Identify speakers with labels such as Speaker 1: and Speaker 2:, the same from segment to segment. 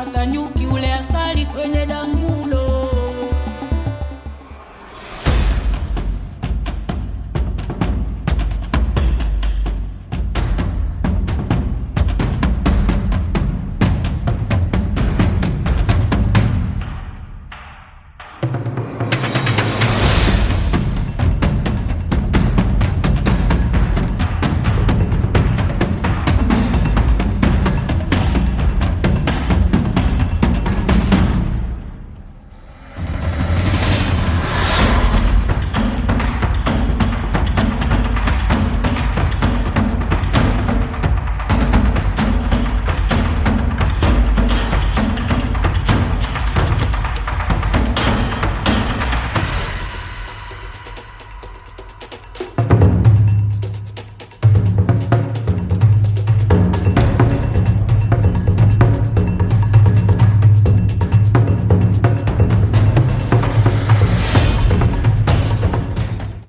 Speaker 1: hata nyuki ule asali kwenye dangu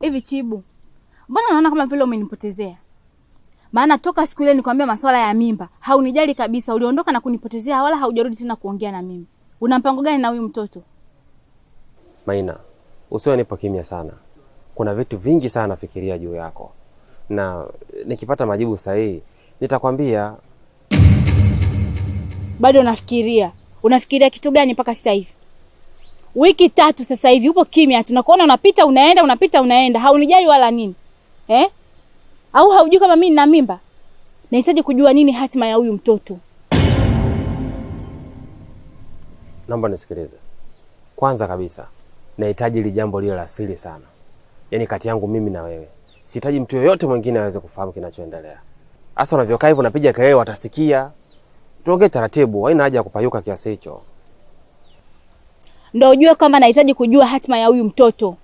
Speaker 1: Hivi Chibu, mbona unaona kama vile umenipotezea? Maana toka siku ile nikwambia masuala ya mimba haunijali kabisa, uliondoka na kunipotezea, wala haujarudi tena kuongea na mimi. Una mpango gani na huyu mtoto?
Speaker 2: Maina, nipo kimya sana, kuna vitu vingi sana nafikiria juu yako, na nikipata majibu sahihi nitakwambia.
Speaker 1: Bado unafikiria? Unafikiria kitu gani mpaka sasa hivi? wiki tatu sasa hivi upo kimya, tunakuona unapita unaenda, unapita unaenda, haunijali wala nini eh? Au haujui kama mimi nina mimba? Nahitaji kujua nini hatima ya huyu mtoto.
Speaker 2: Naomba nisikilize kwanza kabisa, nahitaji ili jambo lile la siri sana, yaani kati yangu mimi na wewe. Sihitaji mtu yoyote mwingine aweze kufahamu kinachoendelea. Hasa unavyokaa hivyo, unapiga kelele, watasikia. Tuongee taratibu, haina haja ya kupayuka kiasi hicho
Speaker 1: ndo ujue kwamba nahitaji kujua hatima ya huyu mtoto.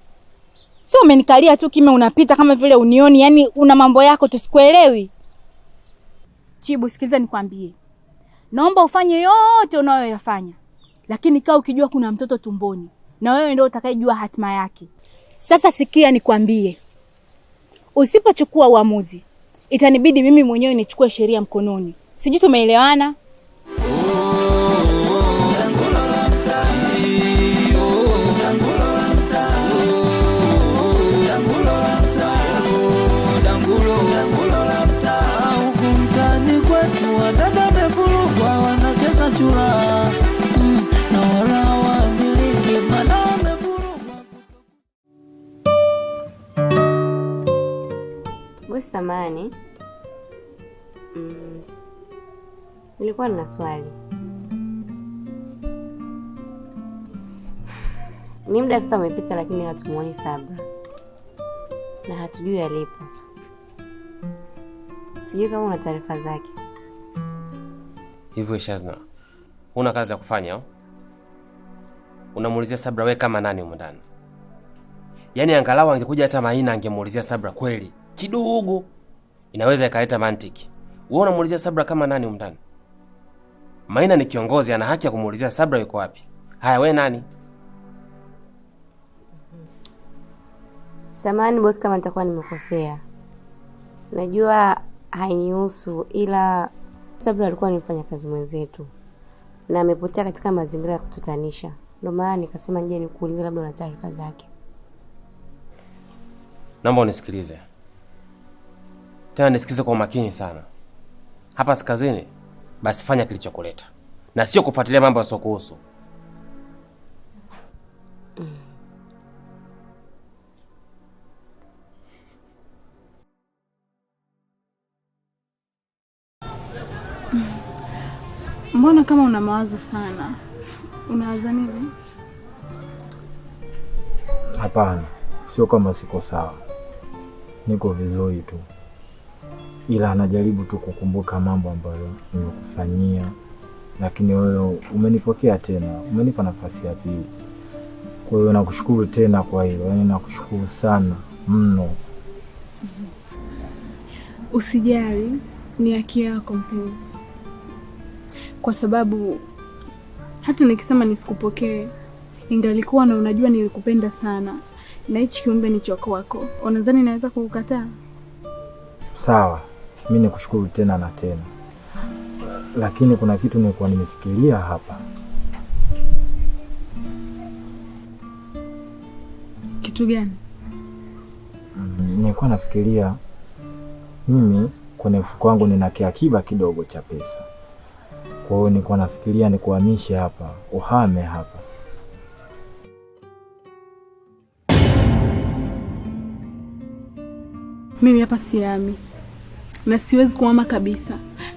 Speaker 1: so umenikalia tu kime unapita kama vile unioni, yani una mambo yako tusikuelewi. Chibu, sikiliza nikwambie, naomba ufanye yote unayoyafanya, lakini kaa ukijua kuna mtoto tumboni, na wewe ndio utakayejua hatima yake. Sasa sikia nikwambie, usipochukua uamuzi itanibidi mimi mwenyewe nichukue sheria mkononi. Sijui tumeelewana?
Speaker 3: samani, mm, ilikuwa nina swali. Ni muda sasa umepita, lakini hatumuoni Sabra na hatujui alipo. Sijui kama una taarifa zake.
Speaker 2: Hivyo Shazna, una kazi ya kufanya Unamuulizia Sabra we kama nani humu ndani? Yaani angalau angekuja hata Maina angemuulizia Sabra kweli kidogo inaweza ikaleta mantiki. Wewe unamuulizia Sabra kama nani umndani? Maina ni kiongozi, ana haki ya kumuulizia Sabra yuko wapi. Haya, we nani?
Speaker 3: samani bosi, kama nitakuwa nimekosea, najua hainihusu, ila Sabra alikuwa ni mfanyakazi mwenzetu na amepotea katika mazingira ya kutatanisha, ndio maana nikasema nje nikuulize, labda na taarifa zake.
Speaker 2: Naomba unisikilize. Tena nisikize kwa umakini sana. Hapa si kazini, basi fanya kilichokuleta na sio kufuatilia mambo yasiokuhusu. Mm.
Speaker 4: Mbona kama una mawazo sana, unawaza nini?
Speaker 5: Hapana, sio kama siko sawa, niko vizuri tu ila anajaribu tu kukumbuka mambo ambayo nimekufanyia, lakini wewe umenipokea tena, umenipa nafasi ya pili. Kwa hiyo nakushukuru tena kwa hilo, yaani nakushukuru sana mno.
Speaker 4: Usijali, ni haki yako mpenzi, kwa sababu hata nikisema nisikupokee ingalikuwa na, unajua nilikupenda sana, na hichi kiumbe ni chako unadhani naweza kukukataa?
Speaker 5: Sawa mi nikushukuru tena na tena, lakini kuna kitu nilikuwa nimefikiria hapa. Kitu gani? Mm, nilikuwa nafikiria mimi kwenye mfuko wangu nina kiakiba kidogo cha pesa, kwa hiyo nilikuwa nafikiria nikuhamishe hapa, uhame hapa.
Speaker 4: Mimi hapa siami na siwezi kuhama kabisa.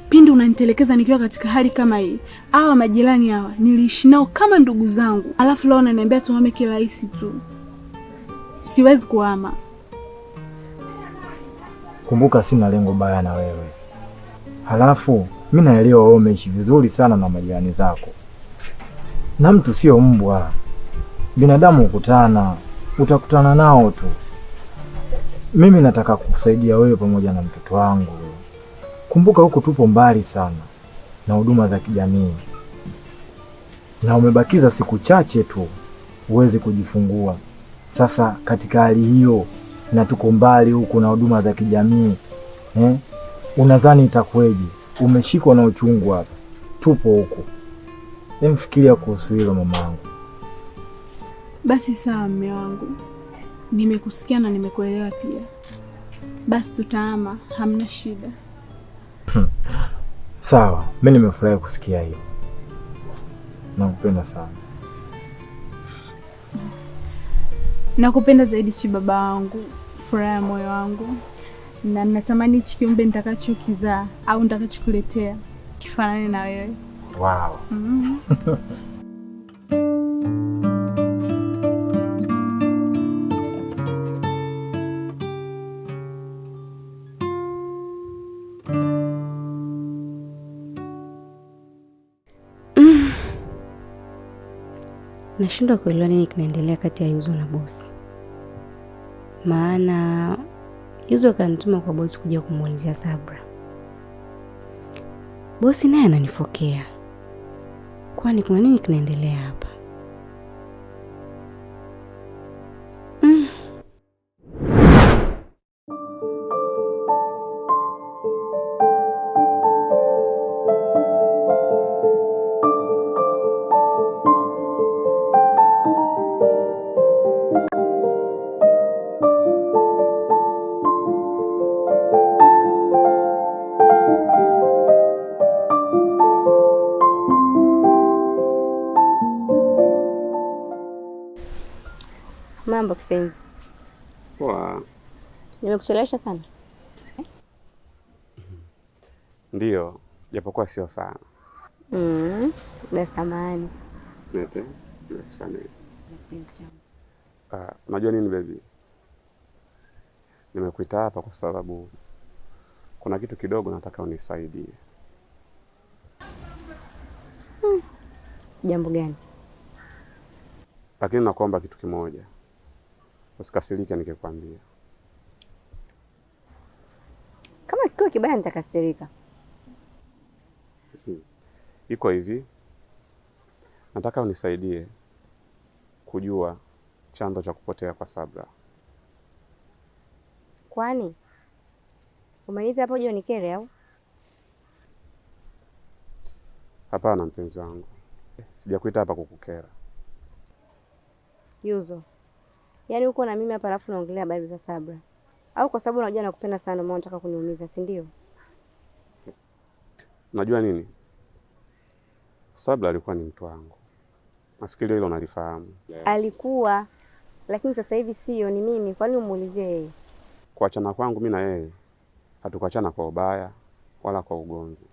Speaker 4: Pindi unanitelekeza nikiwa katika hali kama hii. Hawa majirani hawa niliishi nao kama ndugu zangu, alafu leo unaniambia tuhame kirahisi tu. Siwezi kuhama.
Speaker 5: Kumbuka sina lengo baya na wewe, halafu mi naelewa wewe umeishi vizuri sana na majirani zako, na mtu sio mbwa. Binadamu hukutana, utakutana nao tu. Mimi nataka kukusaidia wewe pamoja na mtoto wangu Kumbuka huku tupo mbali sana na huduma za kijamii, na umebakiza siku chache tu uweze kujifungua. Sasa katika hali hiyo, na tuko mbali huku na huduma za kijamii eh, unadhani itakweje? Umeshikwa na uchungu hapa, tupo huku. Emfikiria kuhusu hilo mamaangu.
Speaker 4: Basi sawa, mme wangu, nimekusikia na nimekuelewa pia. Basi tutaama, hamna shida. Hmm.
Speaker 5: Sawa, mi nimefurahi kusikia hiyo. Nakupenda sana.
Speaker 4: Nakupenda zaidi Chi, baba wangu, furaha ya moyo wangu, na natamani hichi kiumbe nitakachokizaa au nitakachokuletea kifanane na wewe.
Speaker 2: Wow. Mm -hmm.
Speaker 3: nashindwa kuelewa nini kinaendelea kati ya Yuzo na bosi, maana Yuzo akanituma kwa bosi kuja kumwulizia Sabra. Bosi naye ananifokea, kwani kuna nini kinaendelea hapa? Mambo kipenzi. Poa. Nimekuchelewesha sana eh?
Speaker 2: Ndiyo, japokuwa sio sana
Speaker 3: mm-hmm. Na samani
Speaker 2: Nete, nimekusamehe. Ah, unajua nini baby, nimekuita hapa kwa sababu kuna kitu kidogo nataka unisaidie.
Speaker 3: hmm. Jambo gani?
Speaker 2: Lakini nakuomba kitu kimoja Usikasirike nikikwambia.
Speaker 3: Kama kikiwa kibaya nitakasirika.
Speaker 2: Hmm. Iko hivi, nataka unisaidie kujua chanzo cha kupotea kwa Sabra.
Speaker 3: Kwani umeniita hapo jioni kere au?
Speaker 2: Hapana mpenzi wangu, eh, sijakuita hapa kukukera.
Speaker 3: Yuzo, Yaani uko na mimi hapa alafu naongelea habari za Sabra. Au kwa sababu unajua nakupenda sana maana unataka kuniumiza, si ndio?
Speaker 2: Unajua nini? Sabra alikuwa ni mtu wangu. Nafikiri hilo unalifahamu.
Speaker 3: Alikuwa lakini sasa hivi sio, ni mimi. Kwani umuulizie yeye?
Speaker 2: Kuachana kwangu mimi na yeye hatukuachana kwa ubaya wala kwa ugomvi.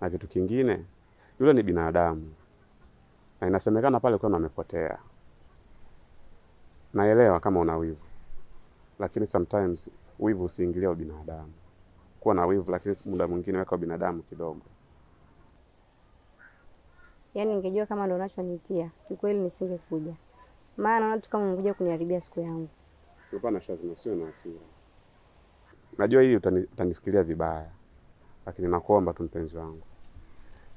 Speaker 2: Na kitu kingine, yule ni binadamu na inasemekana pale kwa amepotea naelewa kama una wivu, lakini sometimes wivu usiingilia ubinadamu. Kuwa na wivu, lakini muda mwingine weka ubinadamu kidogo.
Speaker 3: Yani ningejua kama ndo unachonitia kikweli, nisingekuja, maana naona tu kama umekuja kuniharibia siku yangu.
Speaker 2: Hapana Shazna, sio na hasira. Najua hii utani, utanifikiria vibaya, lakini nakuomba tu mpenzi wangu,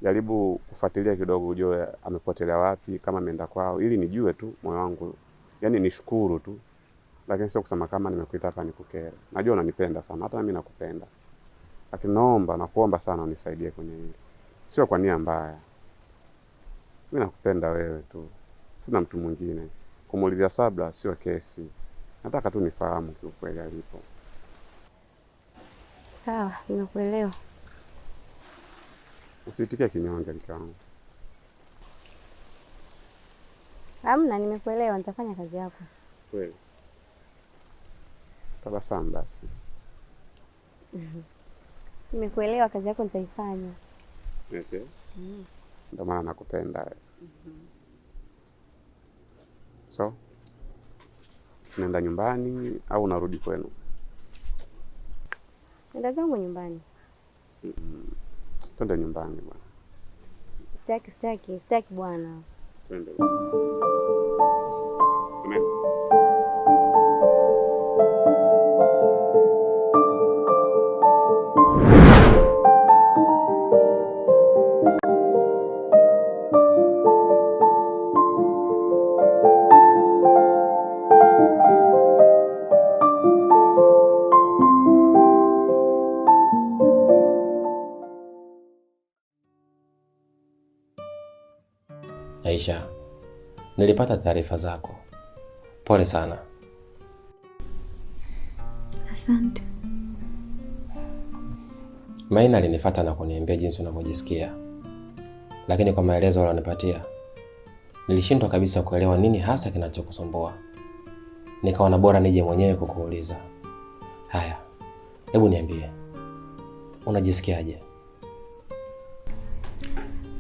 Speaker 2: jaribu kufuatilia kidogo, ujue amepotelea wapi, kama ameenda kwao, ili nijue tu moyo wangu yani nishukuru tu, lakini sio kusema kama nimekuita hapa nikukere. Najua unanipenda sana, hata mimi nakupenda, lakini naomba, nakuomba sana unisaidie kwenye hili, sio kwa nia mbaya. Mimi nakupenda wewe tu, sina mtu mwingine. Kumuulizia Sabla sio kesi, nataka tu nifahamu kiukweli alipo.
Speaker 3: Sawa, nimekuelewa.
Speaker 2: Usiitikie kinyonge, mke wangu.
Speaker 3: Hamna, nimekuelewa, nitafanya kazi yako.
Speaker 2: Kweli. Tabasamu basi.
Speaker 3: Nimekuelewa, kazi yako nitaifanya.
Speaker 2: Okay. Mm. Ndio maana nakupenda. Mm -hmm. So, unaenda nyumbani au unarudi kwenu?
Speaker 3: Nenda zangu nyumbani. Mm
Speaker 2: -hmm. Twende nyumbani bwana.
Speaker 3: Sitaki, sitaki, sitaki bwana. なんだろう
Speaker 2: Aisha, nilipata taarifa zako. Pole sana. Asante. Maina alinifuata na kuniambia jinsi unavyojisikia, lakini kwa maelezo alionipatia nilishindwa kabisa kuelewa nini hasa kinachokusumbua. Nikaona bora nije mwenyewe kukuuliza. Haya, hebu niambie, unajisikiaje?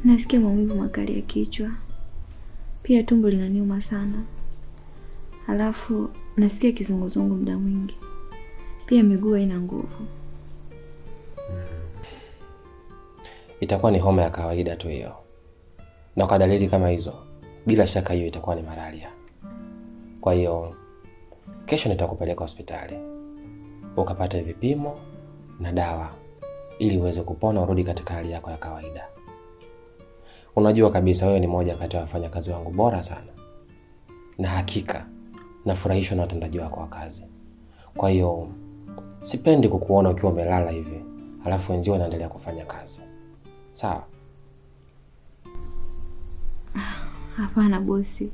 Speaker 6: Nasikia maumivu makali ya kichwa pia tumbo linaniuma sana, halafu nasikia kizunguzungu muda mwingi, pia miguu haina nguvu. Hmm.
Speaker 2: Itakuwa ni homa ya kawaida tu hiyo, na kwa dalili kama hizo, bila shaka hiyo itakuwa ni malaria. Kwa hiyo kesho nitakupeleka hospitali ukapata vipimo na dawa ili uweze kupona, urudi katika hali yako ya kawaida. Unajua kabisa wewe ni moja kati ya wafanyakazi wangu bora sana, na hakika nafurahishwa na watendaji wako wa kazi. Kwa hiyo sipendi kukuona ukiwa umelala hivi alafu wenzio wanaendelea kufanya kazi. Sawa?
Speaker 6: Ah, hapana bosi,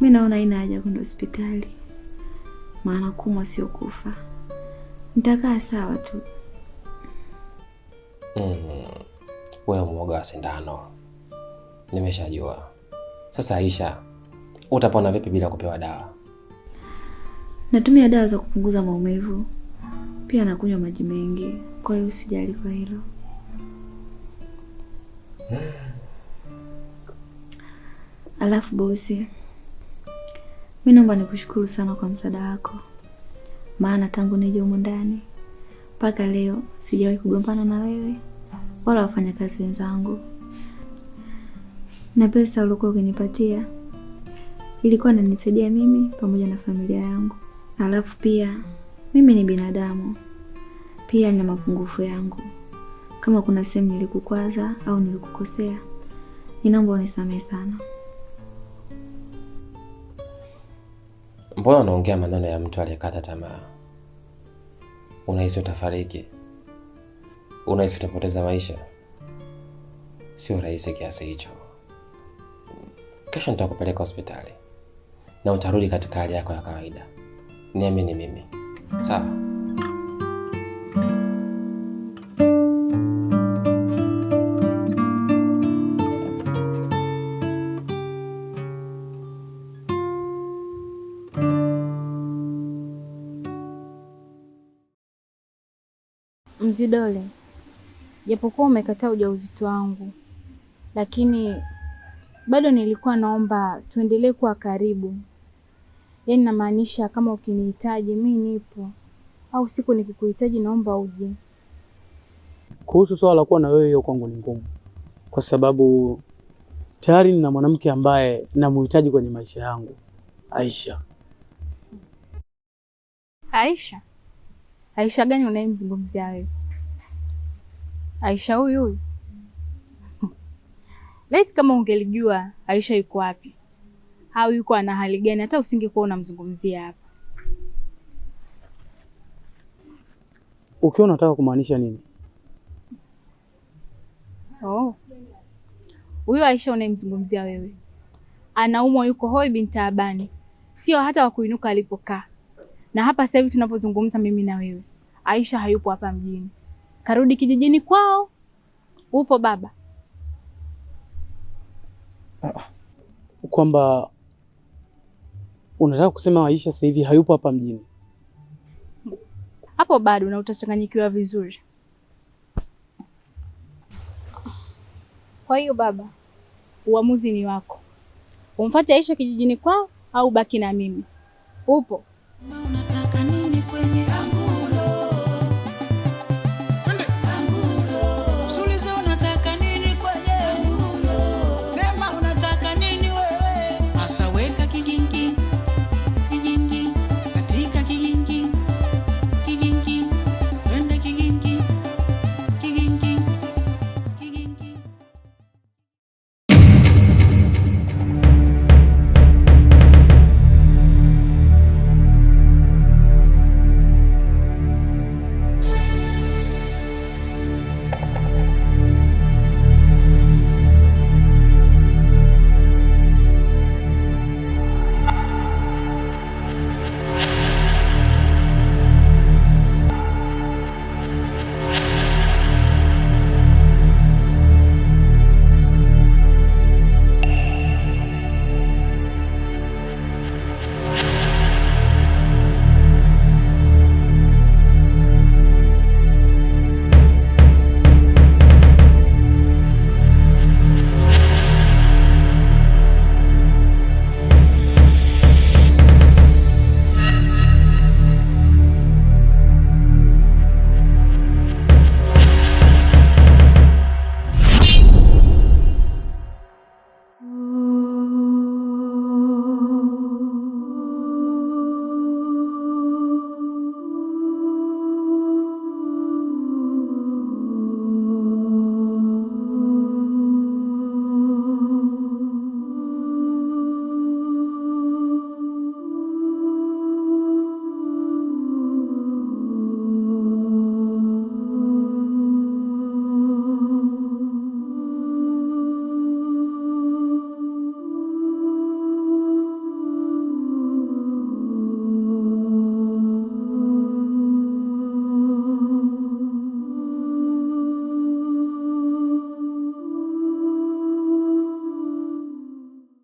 Speaker 6: mi naona haina haja kwenda hospitali, maana kumwa sio kufa. Nitakaa sawa tu.
Speaker 2: Mm, wewe mwoga wa sindano. Nimeshajua. Sasa Aisha, utapona vipi bila kupewa dawa?
Speaker 6: Natumia dawa za kupunguza maumivu, pia nakunywa maji mengi, kwa hiyo usijali kwa hilo. Alafu bosi, mi naomba nikushukuru sana kwa msaada wako, maana tangu nije humu ndani mpaka leo sijawahi kugombana na wewe wala wafanyakazi wenzangu na pesa uliokuwa ukinipatia ilikuwa nanisaidia mimi pamoja na familia yangu. Alafu pia mimi ni binadamu pia, nina mapungufu yangu. Kama kuna sehemu nilikukwaza au nilikukosea, ninaomba unisamehe sana.
Speaker 2: Mbona unaongea maneno ya mtu aliyekata tamaa? Unahisi utafariki? Unahisi utapoteza maisha? Sio rahisi kiasi hicho. Kesho nitakupeleka hospitali na utarudi katika hali yako ya kawaida. Niamini mimi, sawa?
Speaker 1: Mzidole, japokuwa umekataa ujauzito wangu, lakini bado nilikuwa naomba tuendelee kuwa karibu, yaani namaanisha kama ukinihitaji mi nipo, au siku nikikuhitaji naomba uje.
Speaker 7: Kuhusu swala la kuwa na wewe, hiyo kwangu ni ngumu, kwa sababu tayari nina mwanamke ambaye namuhitaji kwenye maisha yangu, Aisha.
Speaker 1: Aisha? Aisha gani unayemzungumzia wewe? Aisha huyu huyu? Laiti kama ungelijua Aisha yuko wapi au yuko ana hali gani, hata usingekuwa unamzungumzia hapa.
Speaker 7: Ukiwa unataka kumaanisha nini?
Speaker 1: Oh, huyo Aisha unayemzungumzia wewe anaumwa, yuko hoi bintaabani sio hata wakuinuka alipokaa. Na hapa sasa hivi tunapozungumza mimi na wewe, Aisha hayupo hapa mjini, karudi kijijini kwao. Upo baba?
Speaker 7: Kwamba unataka kusema Aisha sasa hivi hayupo hapa mjini?
Speaker 1: Hapo bado na utachanganyikiwa vizuri. Kwa hiyo baba, uamuzi ni wako, umfuate Aisha kijijini kwao au baki na mimi. Upo